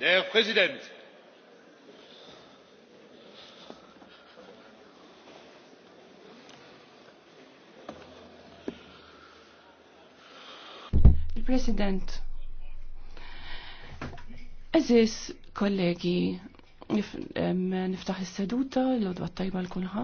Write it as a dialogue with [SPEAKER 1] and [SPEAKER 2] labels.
[SPEAKER 1] Der Präsident!
[SPEAKER 2] president eżis
[SPEAKER 3] kollegi, niftaħ is-seduta, l-odwa tajba l-kulħat.